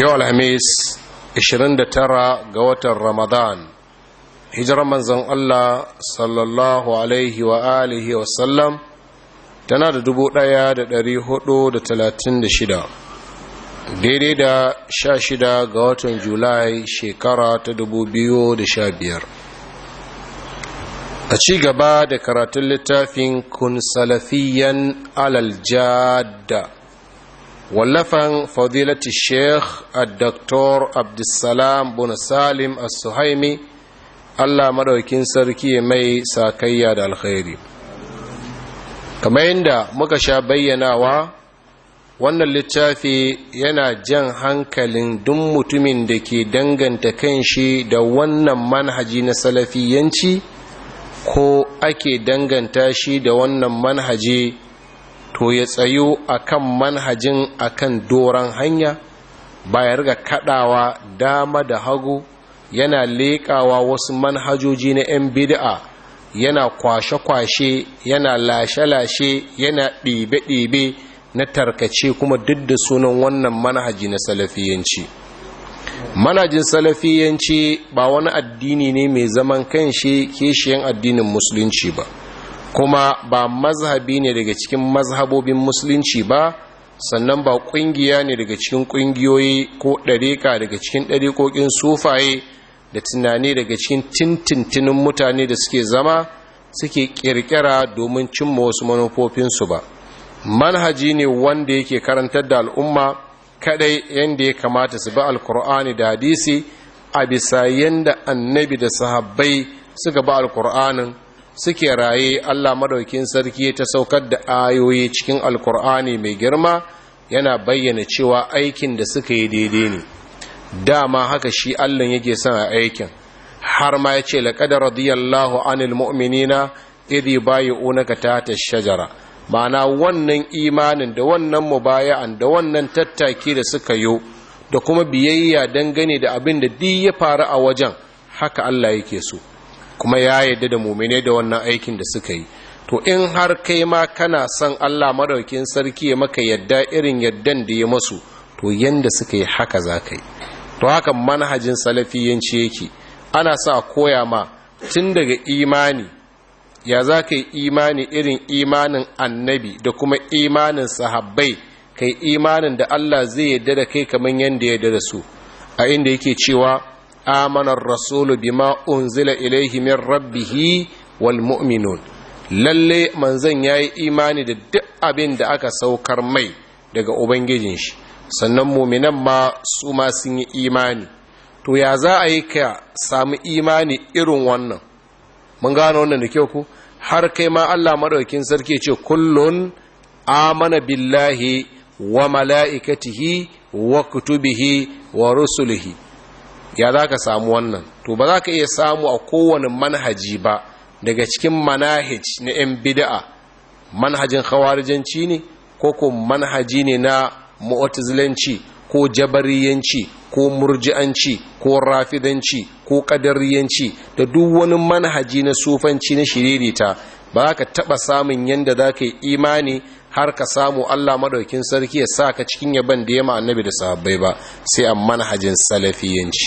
yau alhamis 29 ga watan ramadan hijirar manzan allah sallallahu alaihi wa alihi wa sallam tana da 1436 daidai da 16 ga watan julai shekara ta 2015 a ci gaba da karatun littafin kun salafiyan alaljada wallafan fadilati sheikh al-doktor abdulsalam bin salim al-suhaimi allah maɗaukin sarki mai sakayya da alkhairi kamar yadda muka sha bayyanawa wannan littafi yana jan hankalin duk mutumin da ke danganta kanshi da wannan manhaji na salafiyanci ko ake danganta shi da wannan manhaji to ya tsayo akan manhajin akan doron hanya ba ya riga kadawa dama da hagu yana leƙawa wasu manhajoji na 'yan bid'a yana kwashe-kwashe yana lashe-lashe yana ɗibe-ɗibe na tarkace kuma duk da sunan wannan manhaji na salafiyanci manhajin salafiyanci ba wani addini ne mai zaman kanshi kishiyan addinin musulunci ba kuma ba mazhabi ne daga cikin mazhabobin musulunci ba sannan ba kungiya ne daga cikin kungiyoyi ko ɗariƙa daga cikin ɗariƙoƙin sufaye da tunani daga cikin tintintinin mutane da suke zama suke ƙirƙira domin cimma wasu manufofinsu ba manhaji ne wanda yake karantar da al'umma kadai yadda ya kamata su bi alkur'ani da hadisi a bisa yadda annabi da sahabbai suka ba alkur'anin suke raye Allah madaukin sarki ta saukar da ayoyi cikin alkur'ani mai girma yana bayyana cewa aikin da suka yi daidai ne dama haka shi Allah yake son a aikin har ma yace laqad radiyallahu anil mu'minina bayi yubayyi'unaka tahta ash-shajara ma'ana wannan imanin da wannan mubaya'an da wannan tattaki da suka yi da kuma biyayya dangane da abin da duk ya faru a wajen haka Allah yake so kuma ya yadda da mumine da wannan aikin da suka yi to in har kai ma kana son Allah maraukin sarki ya maka yadda irin yaddan da ya masu to yanda suka yi haka za ka yi to haka manhajin salafiyanci yake ana sa koya ma tun daga imani ya za ka yi imani irin imanin annabi da kuma imanin sahabbai kai imanin da Allah zai yadda da kai kamar yadda ya da su a inda yake cewa amanar rasulu bima unzila ilaihi min rabbihi wal Lallai lalle manzon yayi imani da duk abin da aka saukar mai daga ubangijin shi sannan muminan ma su ma sun yi imani to ya za a yi ka samu imani irin wannan mun gano wannan da kyau ku har kai ma Allah maɗaukin sarki ce kullun amana billahi wa mala'ikatihi wa kutubihi wa rusulihi ya za ka samu wannan to ba za ka iya samu a kowane manhaji ba daga cikin manahij na 'yan bida'a manhajin khawarijanci ne ko ko manhaji ne na mu'tazilanci ko jabariyanci ko murji'anci ko rafidanci ko kadariyanci da duk wani manhaji na sufanci na shiririta ba za ka taɓa samun yanda za ka yi imani har ka samu Allah madaukin sarki ya sa ka cikin yaban da yama annabi da sahabbai ba sai a manhajin salafiyanci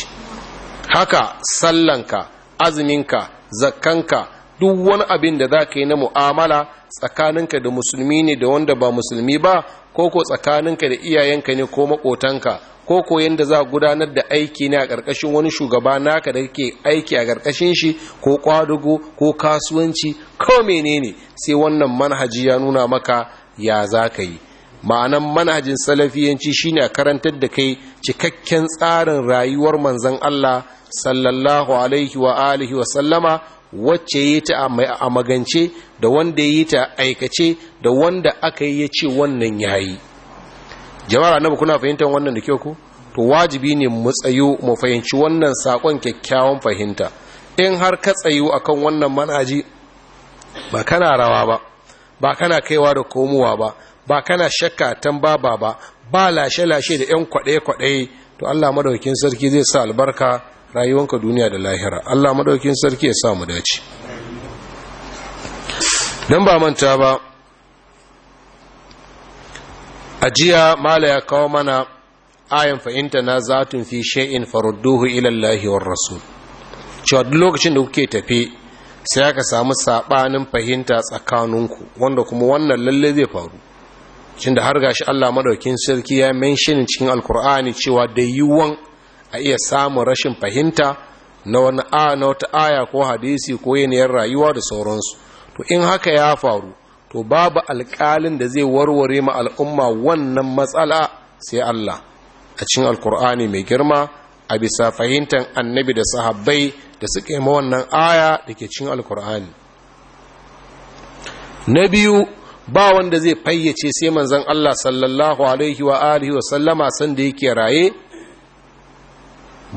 haka sallanka azminka zakkanka duk wani abin da za ka yi na mu'amala tsakaninka da musulmi ne da wanda ba musulmi ba ko ko tsakaninka da iyayenka ne ko makotanka ko ko yanda za gudanar da aiki ne a ƙarƙashin wani shugaba naka da kake aiki a ƙarƙashin shi ko kwadugo ko kasuwanci ko menene sai wannan manhaji ya nuna maka ya za ka yi ma'anan manajin salafiyanci shine a karantar da kai cikakken tsarin rayuwar manzan Allah sallallahu alaihi wa alihi wa sallama wacce yi ta a magance da wanda yi ta aikace da wanda aka yi ya ce wannan ya yayi jama'a na kuna fahimtar wannan da kyau ku to wajibi ne mu tsayo mu fahimci wannan sakon kyakkyawan fahimta in har ka tsayo akan wannan manaji ba kana rawa ba ba kana kaiwa da komowa ba ba kana shakka tan baba ba ba lashe-lashe da 'yan kwaɗe-kwaɗe to Allah maɗaukin sarki zai sa albarka rayuwanka duniya da lahira Allah maɗaukin sarki ya sa mu dace Dan ba manta ba ajiya jiya mala ya kawo mana ayan fahimta na zatun fi sha'in farudduhu ilallahi war rasu. cewa duk lokacin da kuke tafi sai aka samu sabanin fahimta tsakaninku wanda kuma wannan lalle zai faru cin da har gashi Allah madaukin sarki ya mention cikin alkur'ani cewa da yiwuwan a iya samun rashin fahimta na wani a na wata aya ko hadisi ko yanayin rayuwa da sauransu to in haka ya faru to babu alƙalin da zai warware ma al'umma wannan matsala sai Allah a cikin alkur'ani mai girma a bisa fahimtar annabi da sahabbai da suka yi wannan aya da ke cin alkur'ani na biyu ba wanda zai fayyace sai manzan Allah sallallahu alaihi wa alihi wa sallama san da yake raye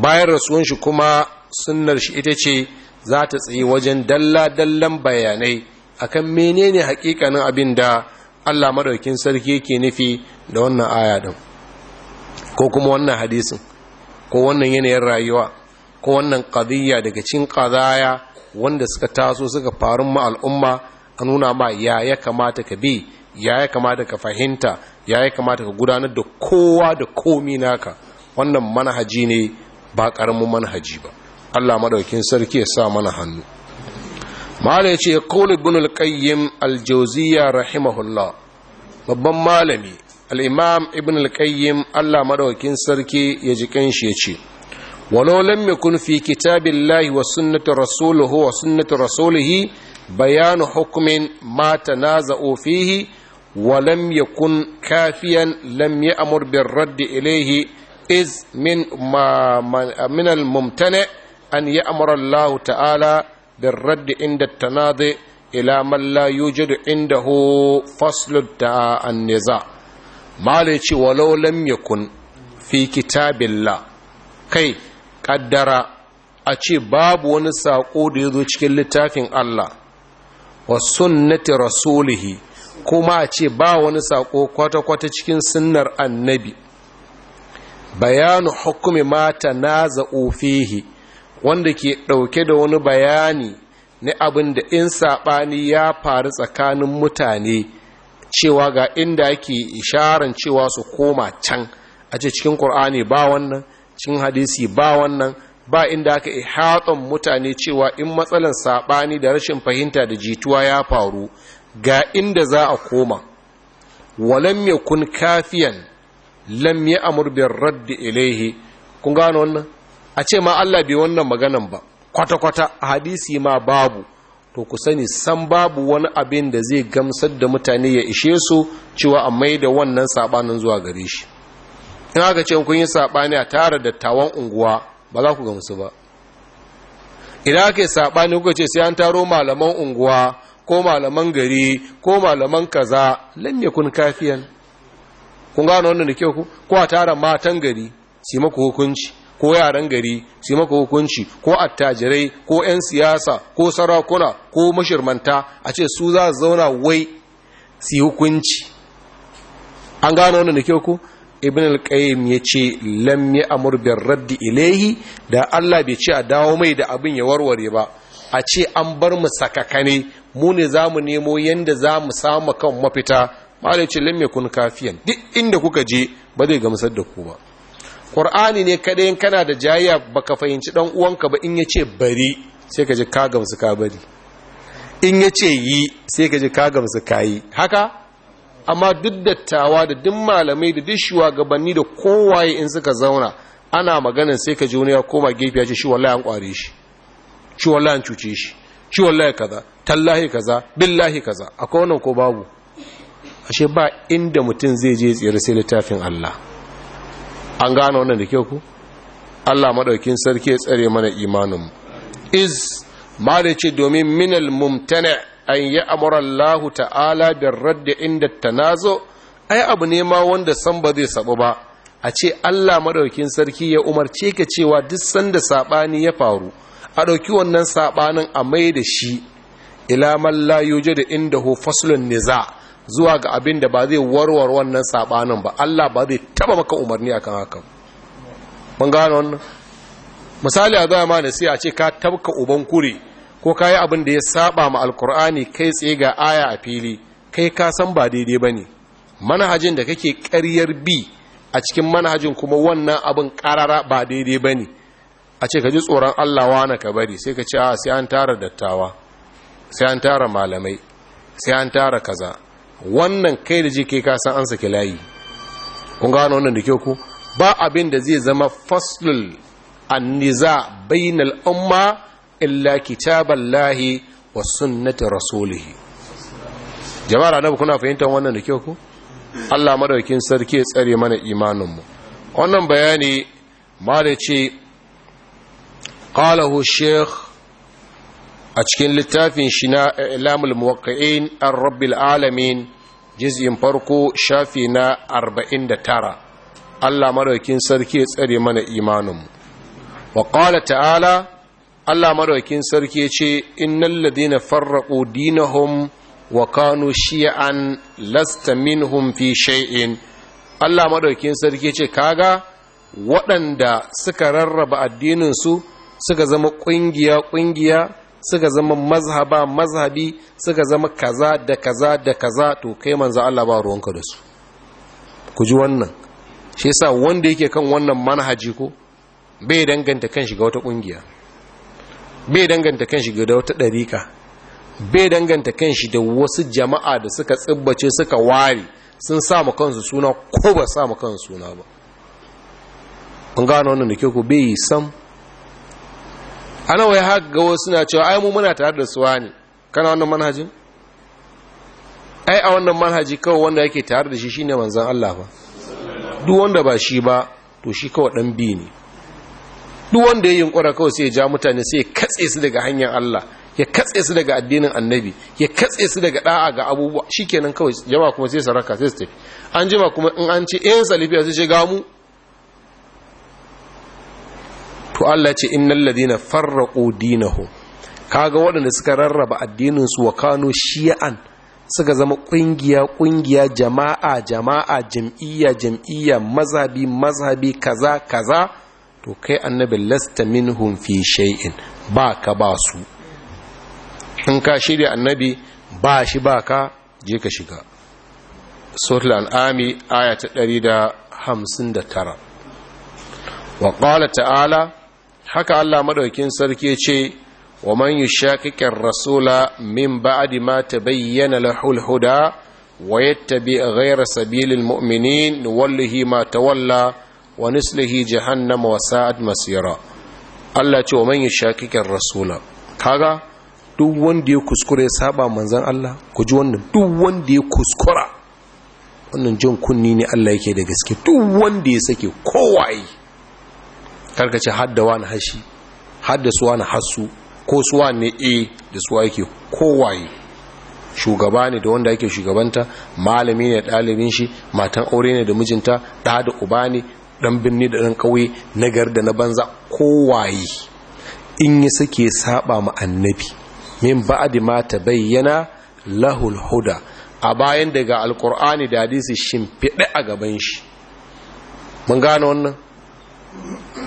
bayan rasuwan shi kuma sunnar shi ita ce za ta tsaye wajen dalla-dallan bayanai akan menene hakikanin abin da Allah maɗaukin sarki yake nufi da wannan aya din ko kuma wannan hadisin ko wannan yanayin rayuwa ko wannan kadiyya daga cin kazaya wanda suka taso suka faru ma al'umma a nuna ma ya ya kamata ka bi ya ya kamata ka fahimta ya ya kamata ka gudanar da kowa da komi naka wannan manhaji ne ba karamin manhaji ba Allah madaukin sarki ya sa mana hannu mala yace qaul ibn al-qayyim al-jawziyya rahimahullah babban malami al-imam ibn al-qayyim Allah madaukin sarki ya jikin shi ce. walau lam yakun fi kitabillahi wa sunnati rasuluhu wa sunnati rasulihi bayanu hukmin ma tanaza'u fihi wa lam yakun kafiyan lam ya'mur bir radd ilayhi iz min ma min al mumtani an ya'mura Allah ta'ala bir radd inda tanadi ila man la yujidu indahu faslu ta'an niza malai ce walau lam yakun fi kitabillah kai Kaddara a ce babu wani saƙo da ya zo cikin littafin Allah wa sunnati rasulihi kuma a ce ba wani saƙo kwata-kwata cikin sunnar annabi bayanu hukumi mata na za'ofihi wanda ke ɗauke da wani bayani na abin da in saɓani ya faru tsakanin mutane cewa ga inda ake isharan cewa su koma can a ce cikin ƙur'ani ba wannan cikin hadisi ba wannan ba inda aka ihatan mutane cewa in matsalan saɓani da rashin fahimta da jituwa ya faru ga inda za a koma walam yakun kafiyan lam ya'mur bir radd ilayhi kun gano wannan a ce ma Allah bai wannan maganan ba kwata kwata hadisi ma babu to ku sani san babu wani abin da zai gamsar da mutane ya ishe su cewa a mai da wannan sabanin zuwa gare shi in aka ce kun yi saɓani a tara dattawan unguwa ba za ku ga musu ba idan aka yi saɓani kuka ce sai an taro malaman unguwa ko malaman gari ko malaman kaza lam kun kafiyan kun gano wannan da kyau ku ko a tara matan gari su maku hukunci ko yaran gari su maku hukunci ko attajirai ko 'yan siyasa ko sarakuna ko mashirmanta a ce su za su zauna wai su hukunci an gano wannan da kyau ku? ibn al-qayyim yace lam amur bi raddi ilayhi da Allah bai ce a dawo mai da abin ya warware ba a ce an bar mu sakakane mu ne zamu nemo yanda zamu samu kan mafita malai ce lam yakun kafiyan duk inda kuka je ba zai gamsar da ku ba qur'ani ne kada in kana da jayya baka fahimci dan uwanka ba in yace bari sai ka ji ka gamsu ka bari in yace yi sai ka ji ka gamsu kayi haka amma duk dattawa da duk malamai da duk shugabanni da kowaye in suka zauna ana maganin sai ka ji ya koma gefe ya ce shi wallahi an kware shi shi wallahi an cuce shi shi wallahi kaza tallahi kaza billahi kaza akwai wannan ko babu ashe ba inda mutum zai je tsira sai littafin Allah an gane wannan da kyau ku Allah maɗaukin sarki ya tsare mana imanin iz ma domin minal mumtana' an yi amurallahu ta'ala bin radda inda tanazo ai abu ne ma wanda san ba zai sabu ba a ce Allah maɗaukin sarki ya umarce ka cewa duk sanda saɓani ya faru a ɗauki wannan saɓanin a mai da shi ila man la da inda ho faslun niza zuwa ga abin da ba zai warware wannan saɓanin ba Allah ba zai taba maka umarni akan hakan. mun gano wannan misali a zama da sai a ce ka tabka uban kure ko kayi abin da ya saba ma alkur'ani kai tsaye ga aya a fili kai ka san ba daidai ba ne manhajin da kake karyar bi a cikin manhajin kuma wannan abin karara ba daidai ba ne a ce ka ji tsoron allah na ka bari sai ka ce a sai an tara dattawa sai an tara malamai sai an tara kaza wannan kai da ji kai kasan an saki layi kun gano wannan da kyau ku ba abin da zai zama faslul anniza bainal umma illa kitaballahi wa sunnati rasulih jama'a annabi kuna fahimtar wannan da kyau ku Allah madaukin sarki ya tsare mana imanin mu wannan bayani ma da ce qalahu sheikh a cikin littafin shi na ilamul muwakka'in an rabbil alamin jiz'in farko shafi na 49 Allah madaukin sarki ya tsare mana imaninmu wa qala ta'ala Allah maɗaukin sarki ce innal ladina farraƙo dinahum wa kanu shi'an lasta minhum fi shay'in Allah maɗaukin sarki ce kaga waɗanda suka rarraba addininsu suka zama ƙungiya ƙungiya suka zama mazhaba mazhabi suka zama kaza da kaza da kaza to kai manza Allah ba ruwanka da su ku ji wannan shi yasa wanda yake kan wannan manhaji ko bai danganta kan shiga wata ƙungiya bai danganta kanshi ga wata ɗarika, bai danganta kanshi da wasu jama'a da suka tsibbace suka ware sun sa kansu suna ko ba sa kansu suna ba An gano wannan da ke ku bai sam ana wai haka ga wasu na cewa ai mu muna tare da suwa ne kana wannan manhajin ai a wannan manhaji kawai wanda yake tare da shi shine manzon Allah ba duk wanda ba shi ba to shi kawai dan bi ne duk wanda ya yunkura kawai sai ya ja mutane sai ya katse su daga hanyar Allah ya katse su daga addinin annabi ya katse su daga da'a ga abubuwa shikenan kawai jama kuma sai saraka sai su tafi an jima kuma in an ce in eh, salafiya sai shiga mu to Allah ce innal ladina farraqu dinahu kaga waɗanda suka rarraba addinin su wa kano shi'an suka zama ƙungiya-ƙungiya, jama'a jama'a jam'iyya jam'iyya mazhabi mazhabi kaza kaza to kai annabi lasta minhum fi shay'in ba ka ba su in ka shirya annabi ba shi ba ka je ka shiga suratul an'ami aya ta 159 wa qala ta'ala haka Allah madaukin sarki ya ce wa man yushaqiqi ar-rasula min ba'di ma tabayyana lahu al-huda wa yattabi' ghayra sabilil mu'minin wallahi ma tawalla wa nislihi jahannama wa sa'ad masira Allah ce wa man yashakikar rasula kaga duk wanda ya kuskura ya saba manzan Allah ku ji wannan duk wanda ya kuskura wannan jin kunni ne Allah yake da gaske duk wanda ya sake kowaye ce hadda wani hashi hadda su wani hasu ko su ne eh da su yake kowaye shugaba ne da wanda yake shugabanta malami ne ɗalibin shi matan aure ne da mijinta ɗa da uba ne dan binni da dan kauye na garda na banza kowaye in yi suke saba ma annabi min ba'di ma tabayyana lahul huda a bayan daga alkur'ani da hadisi shimfiɗe a gaban shi mun gano wannan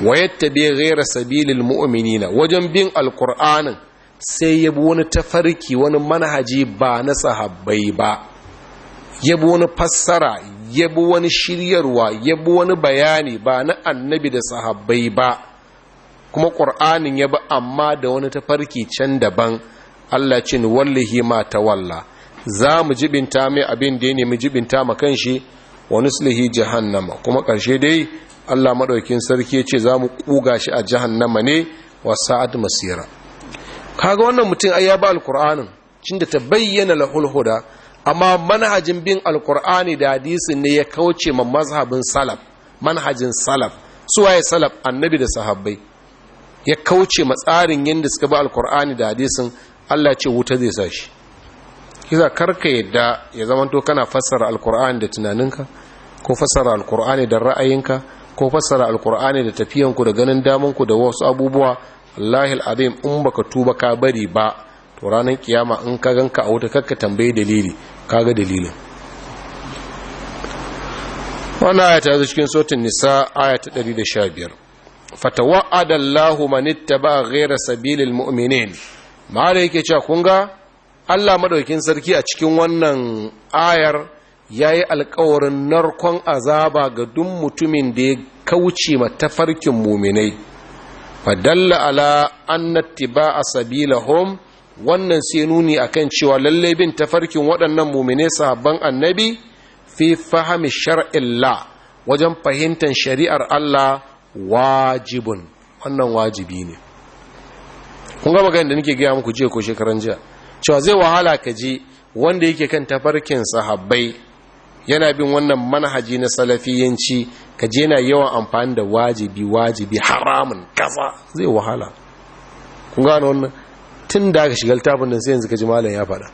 wayattabi ghayra sabilil mu'minina wajen bin alkur'anin sai yabi wani tafarki wani manhaji ba na sahabbai ba yabi wani fassara yabi wani shiryarwa yabi wani bayani ba na annabi da sahabbai ba kuma ƙur'anin bi amma da wani tafarki can daban Allah ce ni wallahi ma ta walla za mu jibinta mai abin da ya nemi jibinta ma kan shi wa nuslihi jahannama kuma ƙarshe dai Allah maɗaukin sarki ya ce za mu ƙuga shi a jahannama ne wa sa'ad masira kaga wannan mutum ai ya ba alƙur'anin ta bayyana lahulhuda amma manhajin bin alkur'ani da hadisin ne ya kauce ma mazhabin salaf manhajin salaf suwaye salaf annabi da sahabbai ya kauce ma tsarin yadda suka bi alkur'ani da hadisin Allah ce wuta zai sa shi kar karka yadda ya zamanto kana fassara alkur'ani da tunaninka ko fassara alkur'ani da ra'ayinka ko fassara alkur'ani da tafiyanku da ganin damanku da wasu abubuwa Allahil azim in baka tuba ka bari ba to ranar kiyama in ka ganka a wuta kakka tambaye dalili kaga dalilin wannan ayata ya zo cikin sotin nisa ayata 115 fatawa'ada Allahu man ittaba ghayra sabilil mu'minin mare yake cewa kun ga Allah madaukin sarki a cikin wannan ayar yayi alƙawarin narkon azaba ga duk mutumin da ya kauce ma tafarkin mu'minai fadalla ala a sabila sabilahum wannan sai nuni akan cewa lalle bin tafarkin waɗannan mumine sahabban annabi fi fahimi shar'illa wajen fahimtar shari'ar Allah wajibun wannan wajibi ne kun ga magana da nake gaya muku jiya ko shekaran jiya cewa zai wahala ka je wanda yake kan tafarkin sahabbai yana bin wannan manhaji na salafiyanci ka je na yawan amfani da wajibi wajibi haramun kasa zai wahala kun gano wannan tun da aka shigar tafin da sai yanzu ka ji malam ya faɗa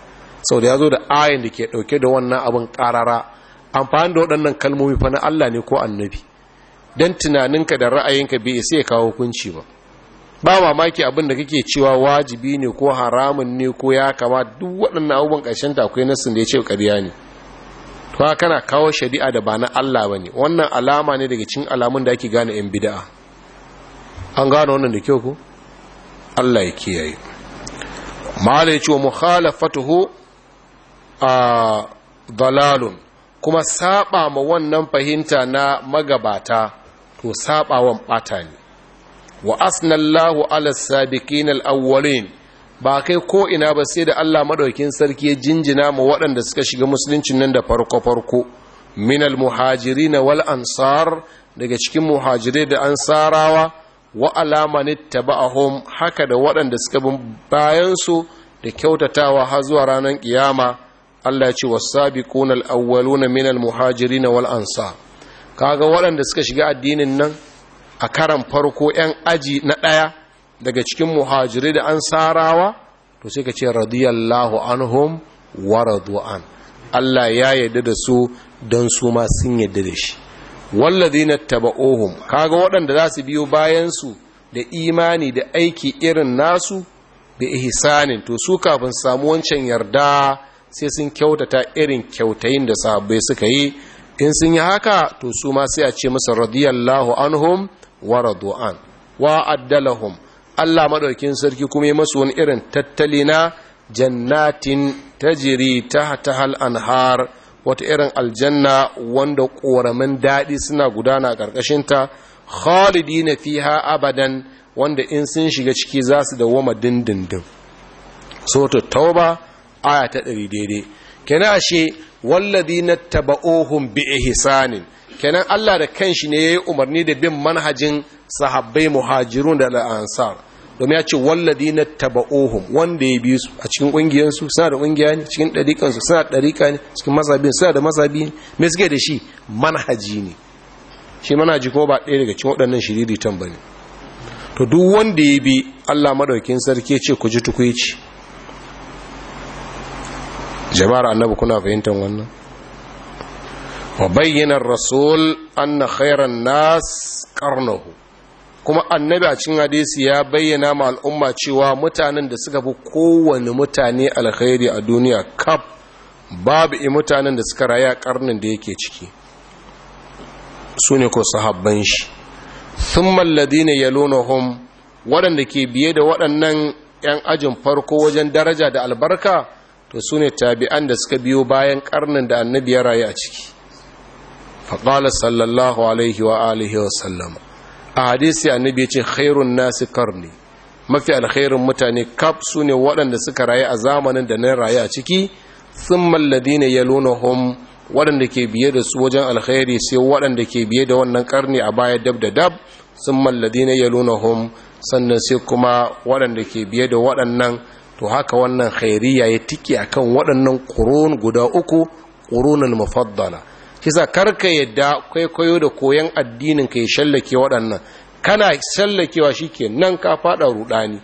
sau da ya zo da ayin da ke ɗauke da wannan abin ƙarara amfani da waɗannan kalmomi fa na Allah ne ko annabi don tunaninka da ra'ayinka bai isa ya kawo hukunci ba ba mamaki abin da kake cewa wajibi ne ko haramun ne ko ya kama duk waɗannan abubuwan ƙarshen ta akwai nassin da ya ce ƙarya ne to kana kawo shari'a da ba na Allah ba ne wannan alama ne daga cikin alamun da ake gane 'yan bida'a an gano wannan da kyau ku Allah ya kiyaye mala ya ce wa mukhalafatuhu a dalalun kuma saba ma wannan fahimta na magabata to wa bata ne wa asnallahu ala sabiqin al ba kai ko ina ba sai da Allah madaukin sarki ya jinjina ma waɗanda suka shiga musuluncin nan da farko farko minal muhajirin wal ansar daga cikin muhajirai da ansarawa wa alamanin haka da waɗanda suka bin bayansu da kyautatawa har zuwa ranar ƙiyama, Allah ya ce wasabiquna al na minal muhajiri wal ansar kaga waɗanda suka shiga addinin nan a karan farko 'yan aji na ɗaya daga cikin muhajiri da ansarawa to sai ka ce radiyallahu anhum wa an. Allah ya yarda da su don su ma sun yarda da shi walladhina taba'uhum kaga waɗanda za su biyo bayan su da imani da aiki irin nasu bi ihsanin to su kafin samu wancan yarda sai sun kyautata irin kyautayin da sahabbai suka yi in sun yi haka to su ma sai a ce musu radiyallahu anhum wa radu'an wa addalahum Allah madaukin sarki kuma yi masu wani irin tattali na jannatin tajiri ta hal anhar wata irin aljanna wanda ƙoramin daɗi suna gudana a ƙarƙashinta khalidina fiha abadan wanda in sun shiga ciki za su dawoma dindindin ta, tauba aya ta ɗari daidai kenan ashe wallazi na taba'ohun bi ihsanin kenan Allah da kanshi ne yayi umarni da bin manhajin sahabbai muhajirun da al'ansar domin ya ce wallazi na taba'ohun wanda ya bi su a cikin kungiyar su suna da kungiya ne cikin dariƙan su suna dariƙa ne cikin masabin suna da ne me suke da shi manhaji ne shi manhaji ko ba ɗaya daga cikin waɗannan shiriri bane to duk wanda ya bi Allah madaukin sarki ce ku ji tukuici jama'ar annabi kuna fahimtar wannan wa bayyana rasul anna khairan nas qarnahu kuma annabi a cikin hadisi ya bayyana ma al'umma cewa mutanen da suka fi kowane mutane alkhairi a duniya kaf babu i mutanen da suka raya karnin da yake ciki su ne ko sahabban shi sun malladi yalonahum waɗanda ke biye da waɗannan 'yan ajin farko wajen daraja da albarka to sune tabi'an da suka biyo bayan ƙarnin da annabi ya rayu a ciki faƙalar sallallahu alaihi wa alihi wa sallama a hadisi annabi ya ce khairun nasi karni mafi alkhairun mutane kaf sune ne waɗanda suka rayu a zamanin da na rayu a ciki sun malladi waɗanda ke biye da su wajen alkhairi sai waɗanda ke biye da wannan karni a baya dab da dab sun malladi na yalunahum sannan sai kuma waɗanda ke biye da waɗannan to haka wannan khairiya ya a kan waɗannan ƙurun guda uku ƙurunan mufaddala kisa karka yadda kwaikwayo da koyan addinin ka ya shallake waɗannan kana shallakewa shi ke nan ka faɗa rudani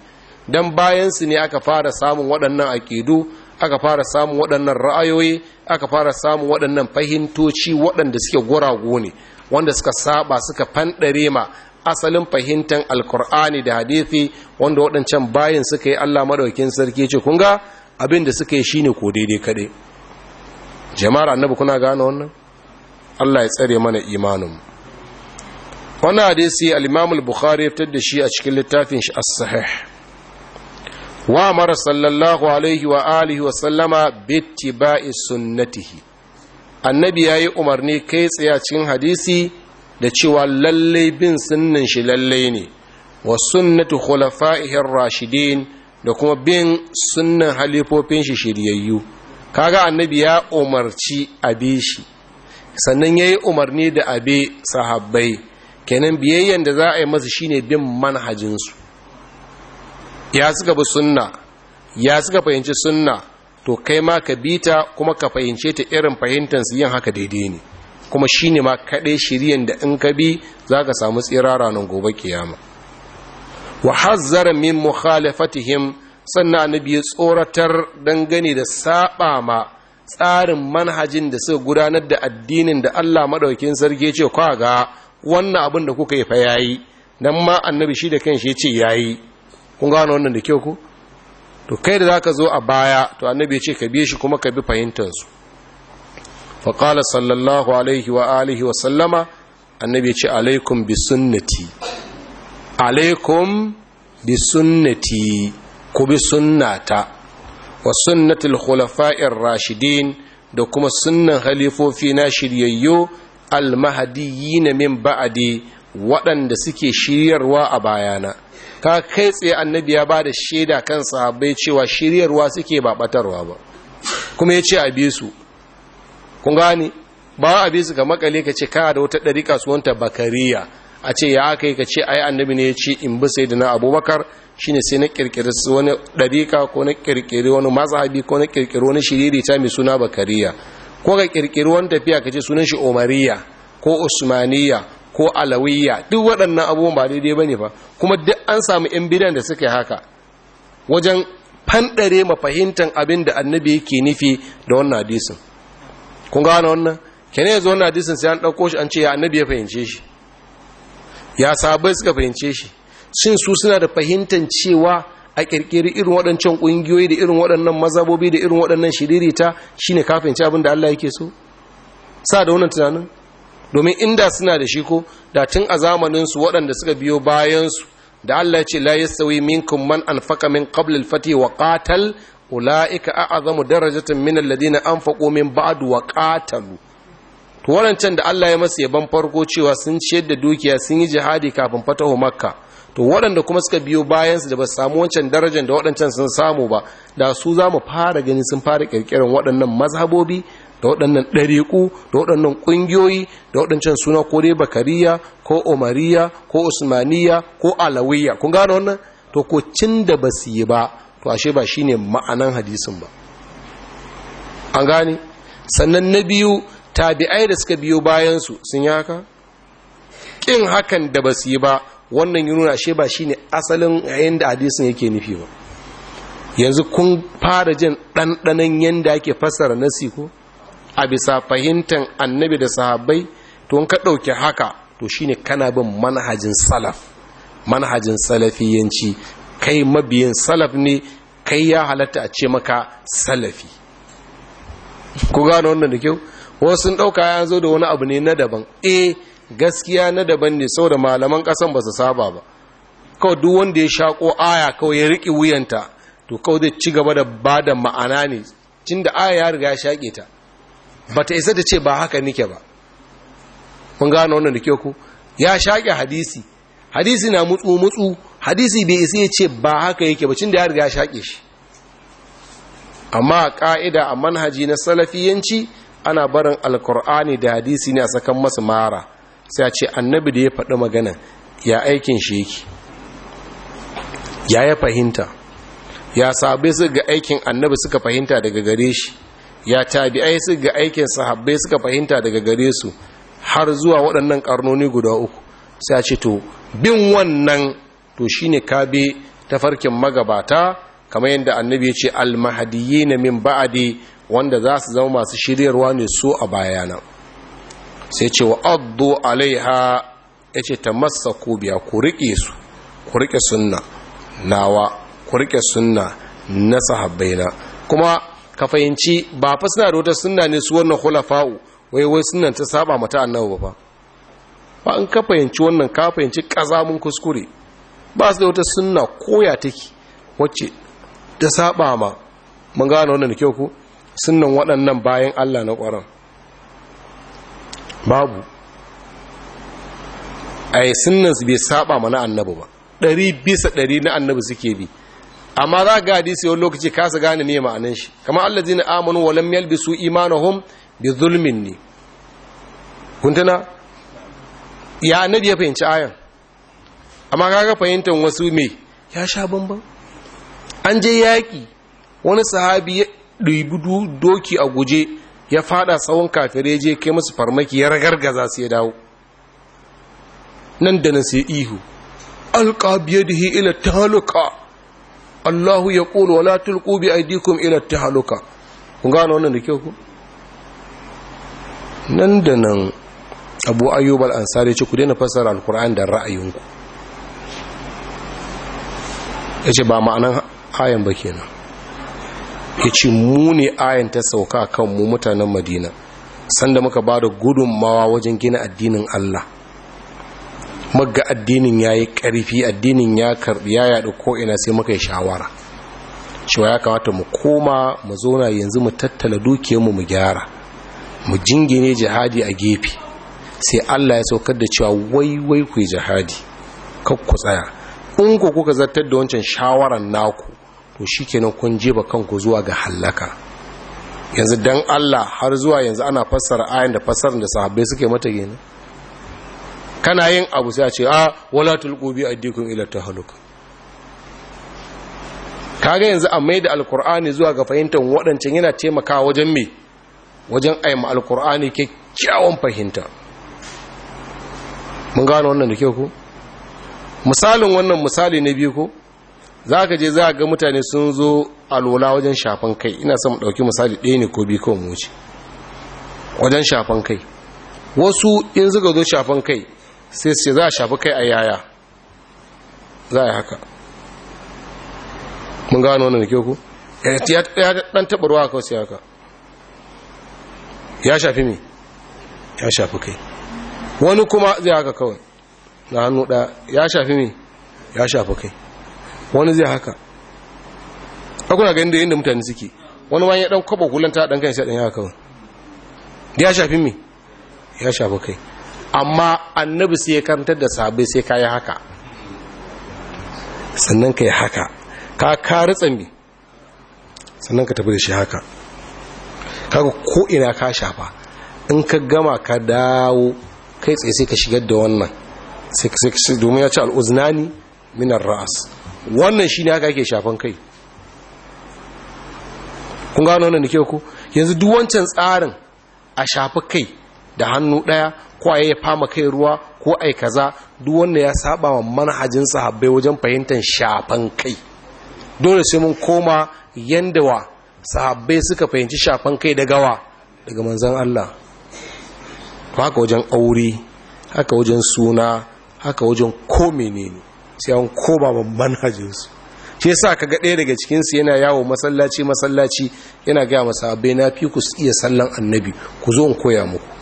dan bayansu ne aka fara samun waɗannan aƙidu aka fara samun waɗannan ra'ayoyi aka fara samun waɗannan fahimtoci waɗanda suke gurago ne wanda suka saba suka fanɗare ma asalin fahimtar alkur'ani da hadithi wanda waɗancan bayin suka yi allah maɗaukin sarki ce kun ga abin suka yi shine ko daidai kaɗai jama'ar annabi kuna gane wannan allah ya tsare mana imanin wannan hadisi al-imam bukhari ya fitar da shi a cikin littafin shi as-sahih wa mara sallallahu alaihi wa alihi wa sallama bittiba'i sunnatihi annabi ya yi umarni kai tsaye cikin hadisi da cewa lallai bin sunnan shi lallai ne wa sunnatu khulafa'ihir rashidin da kuma bin sunnan halifofin shi shiryayyu kaga annabi ya umarci abi shi sannan ya yi umarni da abe sahabbai kenan biyayyen da za a yi masa shine bin manhajinsu ya suka bi sunna ya suka fahimci sunna to kai ma ka bita kuma ka fahimce ta irin fahimtar su yin haka daidai ne kuma shine ma kaɗai shiriyan da in ka bi za ka samu tsira ranar gobe kiyama wa hazzara min mukhalafatihim sannan na ya tsoratar dangane da saba ma tsarin manhajin da suka gudanar da addinin da Allah maɗaukin sarki ce kwa ga wannan abin da kuka yi fa yayi dan ma annabi shi da kanshi ya ce yayi kun gano wannan da kyau ku to kai da zaka zo a baya to annabi ya ce ka bi shi kuma ka bi fahimtar su fa qala sallallahu alaihi wa alihi wa sallama annabi ya ce alaikum bi sunnati alaikum bi sunnati ku bi sunnata wa sunnatul khulafa'ir rashidin da kuma sunnan halifofi na shiryayyo mahdiyyin min ba'adi waɗanda suke shiryarwa a bayana ka kai tsaye annabi ya ba da shaida kan sahabbai cewa shiryarwa suke ba batarwa ba kuma ya ce a bi su kun gane ba a bi su ga makale ka ce kada da wata su wanta bakariya a ce ya aka ka ce ai annabi ne ya ce in bi sai na abubakar shine sai na kirkiri wani ɗarika ko na kirkiri wani mazhabi ko na kirkiri wani shiriri ta mai suna bakariya ko ka kirkiri wani tafiya ka ce sunan shi omariya ko usmaniya ko alawiyya duk waɗannan abubuwan ba daidai ba ne ba kuma duk an samu 'yan bidan da suka haka wajen fanɗare mafahimtar abin da annabi yake nufi da wannan hadisin kun gane wannan kene ya zo wannan hadisin sai an ɗauko shi an ce ya annabi ya fahimce shi ya sabai suka fahimce shi shin su suna da fahimtar cewa a ƙirƙiri irin waɗancan ƙungiyoyi da irin waɗannan mazabobi da irin waɗannan shiririta shine kafin ci abin da Allah yake so sa da wannan tunanin domin inda suna da shi ko da tun a zamaninsu waɗanda suka biyo bayansu da Allah ce la min minkum man faka min qabl al-fati wa ƙatal ulaika a'zamu darajatun min an faƙo min ba'adu wa ƙatalu to waɗancan da Allah ya masu yaban farko cewa sun ciyar da dukiya sun yi jihadi kafin fatahu makka to waɗanda kuma suka biyo bayansu da ba su samu wancan darajar da waɗancan sun samu ba da su za mu fara gani sun fara ƙirƙirar waɗannan mazhabobi da waɗannan ɗariƙu da waɗannan ƙungiyoyi da waɗancan suna ko dai bakariya ko omariya ko usmaniya ko alawiyya kun gano wannan to ko cin da ba su yi ba to ashe ba shine ma'anan hadisin ba an gane sannan na biyu tabi'ai da suka biyo bayansu sun yi haka ƙin hakan da ba su yi ba wannan yi nuna ashe ba shine asalin yayin da hadisin yake nufi ba yanzu kun fara jin ɗanɗanan yadda ake fassara nasi ko a bisa fahimtar annabi da sahabbai to ka ɗauki haka to shine kana bin manhajin salaf manhajin salafiyanci kai mabiyin salaf ne kai ya halatta a ce maka salafi ku gano wannan da kyau wasu sun ɗauka ya zo da wani abu ne na daban eh gaskiya na daban ne Sau da malaman ƙasan ba su saba ba kawai duk wanda ya shaƙo aya kawai ya riƙe wuyanta to kawai zai ci gaba da ba da ma'ana ne cinda aya ya riga ya shaƙe ta Bata isa da ce ba haka nike ba mun gano wannan da ke ku ya shaƙe hadisi hadisi na mutsu mutsu hadisi bai isa ya ce ba haka yake bacin da ya riga ya shaƙe shi amma ƙa'ida a manhaji na salafiyanci ana barin alkur'ani da hadisi ne a sakan masu mara sai a ce annabi da ya faɗi magana ya aikin shi yake ya ya fahimta ya sabai su ga aikin annabi suka fahimta daga gare shi ya tabi'ai su ga aikin sahabbai suka fahimta daga gare su har zuwa waɗannan ƙarnoni guda uku sai a ce to bin wannan to shine kabe farkin magabata kamar yadda annabi ya ce almahadiyyi na min ba'adi wanda za su zama masu shiryarwa ne su a bayana sai ce wa addu alaiha ya ce ta masa biya ku riƙe su ku riƙe sunna nawa ku riƙe sunna na sahabbaina kuma ka fahimci ba fa suna da wata sunna ne su wannan khulafa'u wai wai sunnan ta saba mata annabi ba ba an ka fahimci wannan ka fahimci kazamun kuskure ba su da wata sunna koya take wacce ta saba ma mun gane wannan da kyau ko sunnan waɗannan bayan Allah na ƙwaron babu ai sunnan su bai saba mana annabi ba ɗari bisa ɗari na annabi suke bi amma za ga hadisi wani lokaci kasa gane me ma'anin shi kamar allazina amanu wa lam yalbisu imanahum bi zulmin ne kuntuna ya annabi ya fahimci ayan amma kaga fahimtar wasu me ya sha bamban an je yaki wani sahabi ya ɗibi doki a guje ya fada tsawon ya je kai masu farmaki ya ragargaza su ya dawo nan da nan sai ihu alƙa biyadihi ila taluka Allahu ya ƙulu wala ƙubi a aydikum ila haluka kun gane wannan da kyau ku nan da nan Abu ayyubar ansari ce ku daina fassara al-Qur'an da ra'ayinku Ya ce ba ma'anan ayan ba ke nan yace mu ne ayan ta sauka kan mu mutanen Madina sanda muka ba da gudunmawa wajen gina addinin Allah magga addinin ya yi ƙarfi addinin ya karbi ya yaɗu ko'ina sai muka yi shawara cewa ya kamata mu koma mu zauna yanzu mu tattala dukiyarmu mu mu gyara mu jingine jihadi a gefe sai allah ya saukar da cewa wai wai ku yi jihadi kakku tsaya in ku kuka zartar da wancan shawaran naku to shi kenan kun jeba kanku zuwa ga hallaka yanzu dan allah har zuwa yanzu ana fassara ayan da fassarar da sahabbai suke mata kenan kana yin abu sai a ce a ah, wala tulqu bi addikum ila tahluk kaga yanzu a maida alqur'ani zuwa ga fahimtar wadancan yana taimakawa wajen me wajen ayyama alqur'ani kyakkyawan fahimta mun gano wannan da ke ku. misalin wannan misali na biyu ko za ka je za ga mutane sun zo alwala wajen shafan kai ina son ɗauki misali ɗaya ne ko biyu kawai mu wuce wajen shafan kai wasu in suka zo shafan kai sai sai za a shafi kai a yaya za a yi haka mun gano wani da ke ku eh, ya dan taɓa ruwa kawai sai haka ya shafi mi ya shafi kai wani kuma zai haka kawai na hannu ɗaya ya shafi mi ya shafi kai wani zai haka akuna ga inda yadda mutane suke wani wani ya ɗan kwaɓa hulanta ɗan kan shaɗin ya haka kawai ya shafi mi ya shafi kai amma annabi sai ya karantar da sabi sai ka yi haka sannan ka yi haka ka kari tsami sannan ka tafi da shi haka kaga ko ina ka shafa in ka gama ka dawo kai tsaye sai ka shigar da wannan domin ya ce al'uznani minar ra'as wannan shi ne haka ke shafan kai kun gano wannan da ke ku yanzu duwancin tsarin a shafi kai da hannu ɗaya ko a ya fama kai ruwa ko ai kaza duk wanda ya saba wa manhajin sahabbai wajen fahimtar shafan kai dole sai mun koma yanda wa sahabbai suka fahimci shafan kai daga wa daga manzon Allah haka wajen aure haka wajen suna haka wajen ko ne sai an koma wa manhajinsu shi yasa kaga ɗaya daga cikin su yana yawo masallaci masallaci yana ga masahabbai na fi ku iya sallan annabi ku zo in koya muku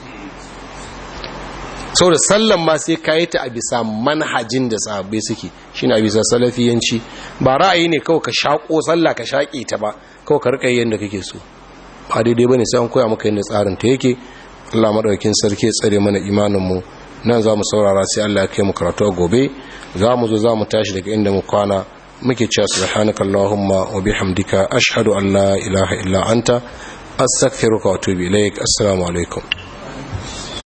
saboda sallan ma sai ka yi ta a bisa manhajin da sahabbai suke shi na bisa salafiyanci ba ra'ayi ne kawai ka shaƙo salla ka shaƙe ta ba kawai ka riƙa yadda kake so ba daidai ba ne sai an koya maka yadda tsarin ta yake allah maɗaukin sarki tsare mana imaninmu nan za mu saurara sai allah ya kai mu karatu a gobe za mu zo za mu tashi daga inda mu kwana muke cewa subhanaka allahumma wa bihamdika ashhadu an la ilaha illa anta astaghfiruka wa atubu ilaik assalamu alaikum